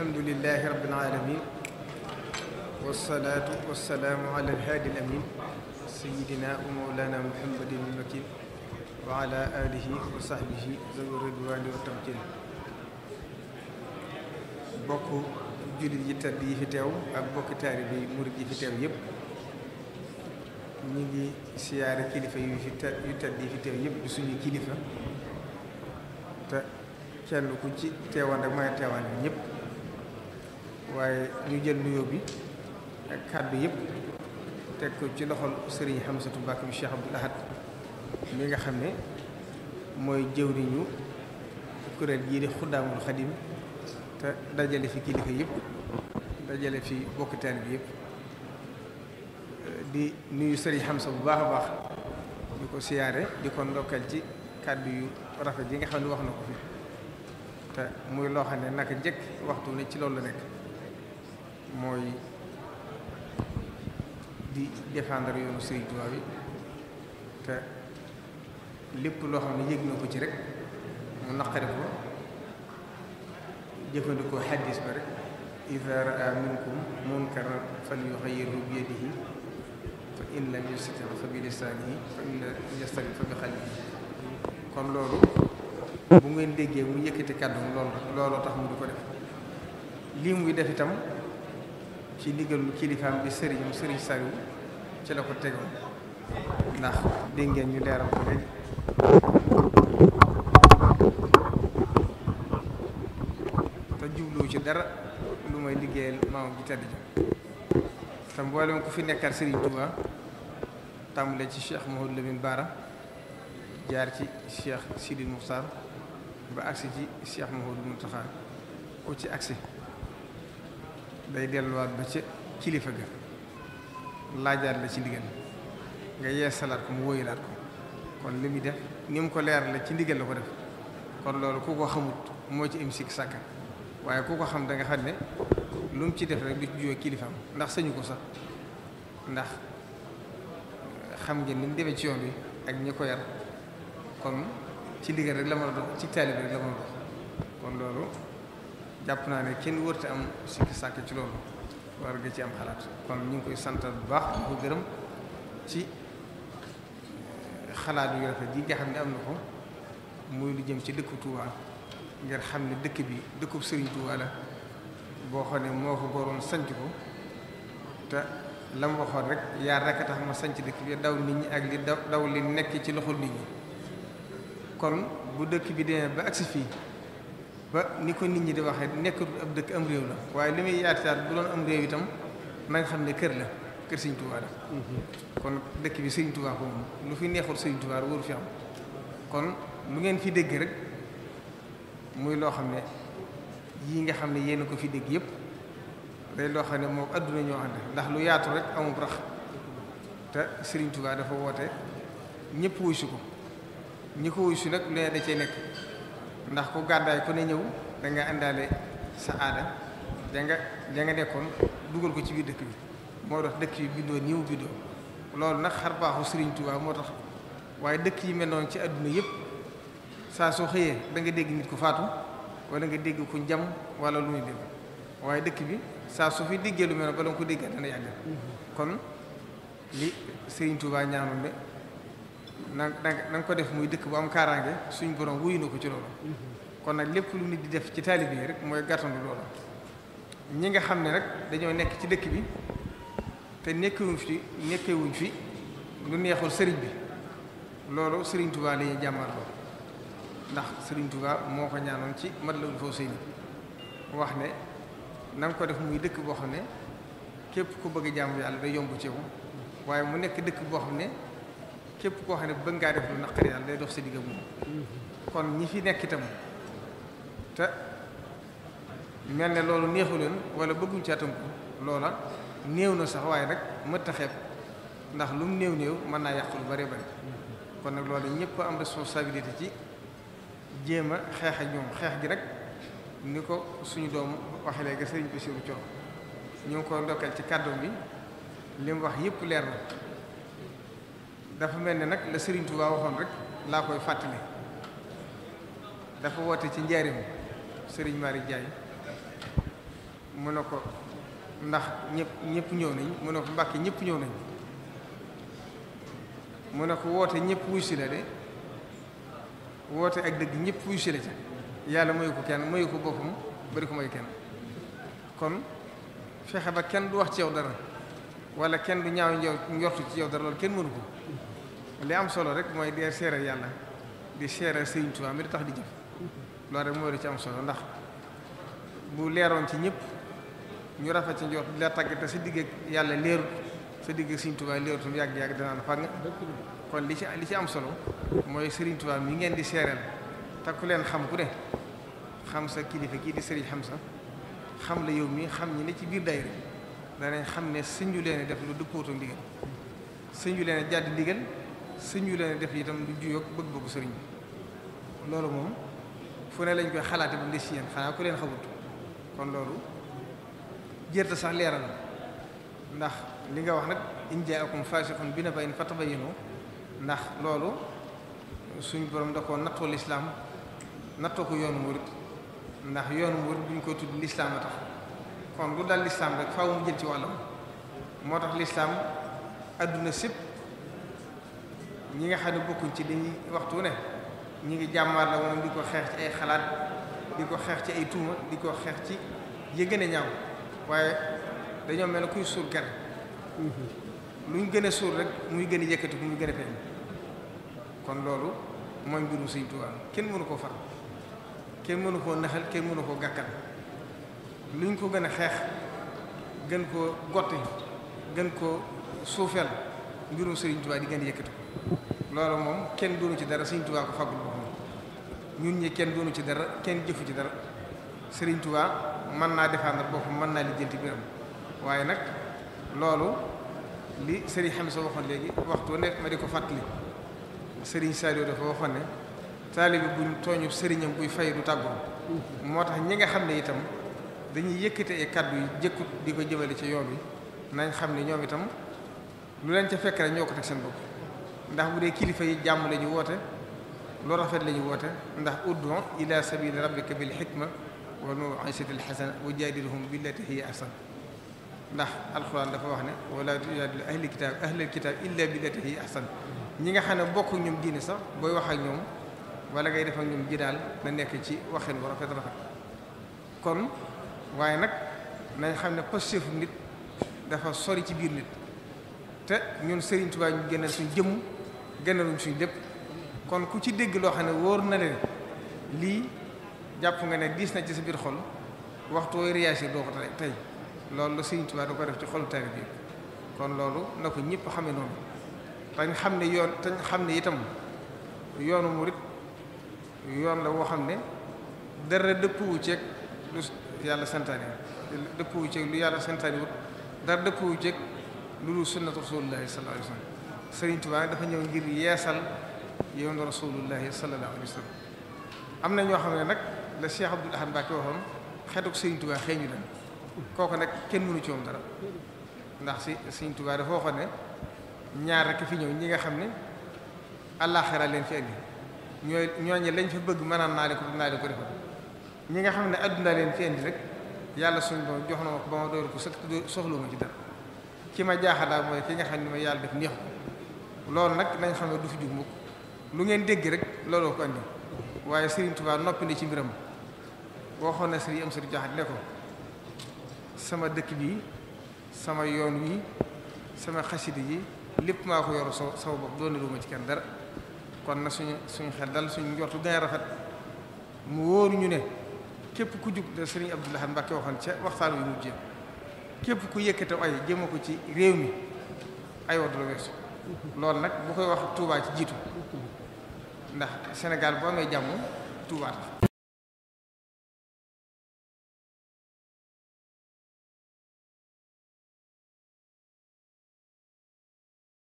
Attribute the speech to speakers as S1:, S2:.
S1: alhamdulilahi rabbil alamin wasalaatu wasalaamu ala alhaadi alamin sayidina wa mawlana muhammadin almakin wa ala wa sahbihi zawi ridwani wa tamkin bokk jullit yi tedd yi teew ak bokki taalibe yi murid teew yëpp ñu ngi siyaare kilifa yu fi te teew yëpp di suñu kilifa te kenn ku ci teewaan rek mooy teewaan ñëpp. waaye ñu jël nuyoo bi ak kàddu yëpp teg ko ci loxol Serigne Hamsatu Mbàkke bi Cheikh Abdoul Ahad mi nga xam ne mooy jëwriñu kuréel gii di Xuddaamul Xadim te dajale fi kilifa yëpp dajale fi bokkitaan bi yëpp di nuyu Serigne Hamsa bu baax a baax di ko siyaare di ko ndokkal ci kàddu yu rafet yi nga xam ne wax na ko fi te muy loo xam ne naka njëkk waxtu ne ci loolu la nekk mooy di défendre yoonu Sëriñ Tuubaa bi te lépp loo xam ne yëg na ko ci rek mu naqari ko jëfandikoo xaddis ba rek ida raa minkum munkaran falyuxayyirhu bi yadihi fa in lam yastati fa bi lisaanihi fa in lam yastati fa bi qalbihi kon loolu bu ngeen déggee mu yëkkati kàddu loolu looloo tax mu di ko def lii muy def itam ci ndigalul kilifaam bi sëriñam sëriñ Saliou ci la ko tegoon ndax dégg ñu leeral ko léegi te jubluwu ci dara lu may liggéeyal maamam ji tedd ji te ku fi nekkal sëriñ Touba tàmbale ci Cheikh Mouhamadou Lamine Bara jaar ci Cheikh Sidil Moukhtar ba agsi ci Cheikh Mouhamadou Mountakha ku ci agsi day delluwaat ba ca kilifa ga laajaat la ci ndigal nga yeesalaat ko mu wóoyulaat ko kon li muy def ni mu ko leer la ci ndigal la ko def kon loolu ku ko xamut moo ci im sikk sàkka waaye ku ko xam danga xam ne lu mu ci def rek du ci kilifaam ndax sañu ko sax ndax xam ngeen ni mu demee ci yoon bi ak ñi ko yar kon ci ndigal rek la mën a dox ci taalib rek la mën a dox kon loolu jàpp naa ne kenn wërte am sikki sàkk ci loolu war nga ci am xalaat kon ñu ngi koy santal bu baax di ko gërëm ci eh, xalaat yu rafet yi nga xam ne am na ko muy lu jëm ci dëkku Touba ngir xam ne dëkk bi dëkkub Sëriñ Touba la boo xam ne moo ko goroon sanc ko te la mu waxoon rek yaar rekk a tax ma sanc dëkk bi daw nit ñi ak li daw li nekk ci loxol nit ñi kon bu dëkk bi demee ba agsi fii ba ni ko nit ñi di waxee nekkul ab dëkk am réew la waaye li muy yaat taat bu doon am réew itam na nga xam ne kër la kër sëñ Tuubaa kon dëkk bi sëñ Tuubaa ko moom lu fi neexul sëñ Tuubaa waru am kon lu ngeen fi dégg rek muy loo xam ne yii nga xam ne yéen ko fi dégg yëpp day loo xam ne moo àdduna ñoo ànd ndax lu yaatu rek amul rax te Serigne Touba dafa woote ñëpp wuyu ko ñi ko wuyu si nag lu ne da cee nekk ndax ku gàddaay ko ne ñëw da nga indaale sa aada da nga da nga nekkoon dugal ko ci biir dëkk bi moo tax dëkk yi bindoo niiw bindoo loolu nag xar baaxu Sëriñ moo tax waaye dëkk yi mel noonu ci àdduna yëpp saa soo xëyee danga dégg nit ko faatu wala nga dégg ku njam wala lu muy dem waaye dëkk bi saa su fi déggee lu mel noonu bala ko déggee dana yàgg mm-hmm. kon li Sëriñ ñaanoon ne na nga ko def muy dëkk bu am kaaraange suñ borom wuyu na ko ci loolu kon nag lépp lu nit di def ci taalibe yi rek mooy gàttandu loolu ñi nga xam ne nag dañoo nekk ci dëkk bi te nekkewuñ fi nekkewuñ fi lu neexul sëriñ bi loolu sëriñ Touba la ñuy jàmmal ndax sëriñ Touba moo ko ñaanoon ci Matlabul Fawzayni wax ne nan ko def muy dëkk boo xam ne képp ku bëgg jàmm yàlla day yomb ci waaye mu nekk dëkk boo xam ne képp koo xam ne bëgg ngaa def lu naqari yàlla day dox sa digg moom kon ñi fi nekk itam te mel ne loolu neexu leen wala bëgguñ ca tënku loola néew na sax waaye nag mët a ndax lu mu néew néew mën naa yàq lu bare bare kon nag loolu ñëpp am responsabilité ci jéem a xeex ak ñoom xeex gi nag ni ko suñu doom waxe léegi sëriñ bi siru coow ñu ngi ko ndokkeel ci kàddoom bi li mu wax yëpp leer na dafa mel ni nag la Serigne Touba waxoon rek laa koy fàttali dafa woote ci njaarim Serigne Mari Jaay mu ne ko ndax ñëpp ñëpp ñëw nañ mu ne ko ñëpp ñëw nañ mu ne ko woote ñépp wuy si la de woote ak dëgg ñëpp wuy si la ca yàlla mayu ko kenn mayu ko boppam bari ko may kenn kon fexe ba kenn du wax ci yow dara wala kenn du ñaaw njortu ci yow dara loolu kenn mënu ko li am solo rek mooy di seeral yàlla di seeral Sëriñ Tuubaa mi di tax di jëf loolu rek moo di ci am solo ndax bu leeroon ci ñëpp ñu rafet ci njort di la tàgg te sa digg ak yàlla leerut sa digg ak Sëriñ Tuubaa leerutum yàgg-yàgg danaan fàgg kon li ci li ci am solo mooy Sëriñ Tuubaa mi ngeen di seeral te ku leen xam ku ne xam sa kilifa kii di sëriñ xam sa xam la yow mi xam ñi ne ci biir daayira danañ xam ne sëñu leen def lu dëppootu ndigal sëñu leen jàdd ndigal suñu leen def itam lu juyoog bëgg-bëggu sëriñ bi loolu moom fu ne lañ koy xalaate bu des ci yéen xanaa ku leen xamut kon loolu jërta sax leeral ndax li nga wax nag in jaakum fa bi naba'in fatabayyanu ndax loolu suñ borom da koo nattoo lislaam nattoo ko yoonu murit ndax yoonu murit bu ñu koy tudd lislaam a tax kon lu dal lislaam rek faaw mu jël ci wàllam moo tax lislaam adduna sépp ñi nga xam ne bokkuñ ci dañuy waxtu ne ñi ngi jàmmaar la moom di ko xeex ci ay xalaat di ko xeex ci ay tuuma di ko xeex ci yi gën a ñaaw waaye dañoo mel ne kuy suul gar luñ gën a suul rek muy gën a yëkkati muy gën a feeñ kon loolu mooy mbirum Sëñ Tuubaa kenn mënu koo far kenn mënu koo naxal kenn mënu koo gàkkal luñ ko gën a xeex gën koo gotti gën koo suufeel mbirum Serigne Touba di gën a yëkkatu loolu moom kenn doonu ci dara Serigne Touba ko fàggul boppam ñun ñi kenn doonu ci dara kenn jëfu ci dara Serigne Touba mën naa défendre boppam mën naa lijjanti biram waaye nag loolu li Serigne Hamza waxoon léegi waxtu nekk ma di ko fàttali sëriñ Saliou dafa waxoon ne taalibe buñ tooñu sëriñam buy fay du tàggoo moo tax ñi nga xam ne itam dañuy yëkkate ay kàddu yi jëkkut di ko jëmale ci yoon bi nañ xam ne ñoom itam lu leen ca fekk rek ñoo ko teg seen bopp ndax bu dee kilifa yi jàmm la ñu woote lu rafet la ñu woote ndax uddu ila sabili rabbika bil hikma wa maw'izatil hasana di jadilhum billati hiya ahsan ndax alxuraan dafa wax ne wala tujaadilu ahli kitaab ahli bi illa billati hiya ahsan ñi nga xam ne bokk ñoom diine sax booy wax ak ñoom wala ngay def ak ñoom ji daal na nekk ci waxin bu rafet rafet kon waaye nag nañ xam ne positif nit dafa sori ci biir nit te ñun Serigne Touba ñu génnal suñ jëmm génnaluñ suñ lépp kon ku ci dégg loo xam ne wóor na leen lii jàpp nga ne diis na ci sa biir xol waxtu wooy doo ko tey loolu la Serigne Touba da ko def ci xolu tari bi kon loolu na ko ñëpp xamee noonu tañ xam ne yoon tañ xam ne itam yoonu murit yoon la woo xam ne dara dëppwu ceeg yàlla santaane dëppwu ceeg lu yàlla santaane wut dara dëppwu ceeg loolu sunnatu rasulillahi sallallahu alayhi wa sallam Sëriñ Tuubaa dafa ñëw ngir yeesal yoonu rasulillahi sallallahu alayhi wa sallam am na ñoo xam ne nag la Cheikh Abdoul Ahad Mbacké waxoon xetuk Sëriñ Tuubaa xëy ñu dem kooku nag kenn mënu ci moom dara ndax si Sëriñ Tuubaa dafa waxoon ne ñaar rek fi ñëw ñi nga xam ne àllaaxira leen fi indi ñooy ñooñu lañ fa bëgg mënaan naa leen ko naa ko defal ñi nga xam ne adduna leen fi rek yàlla suñu doom jox na ma ko ba ma door ko soxlu ma ci dara. ci ma jaaxalaa mooy ki nga xam ne mooy yàlla def neexu loolu nag nañ xam ne du fi jug mukk lu ngeen dégg rek looloo ko andi waaye Serigne Touba noppi na ci mbiram waxoon na Serigne am sëriñ Jaxate ne ko sama dëkk bi sama yoon wi sama xasida yi lépp maa ko yoru sa sama bopp doon ma ci kenn dara kon na suñu suñu xel dal suñu njortu gën rafet mu wóoru ñu ne képp ku jug da Serigne Abdoul Ahad Mbacké waxoon ca waxtaan wi mujjee képp ku yëkkate ay jëme ko ci réew mi ay wadu la loolu nag bu koy wax Touba ci jiitu ndax Sénégal boo amee jàmm Touba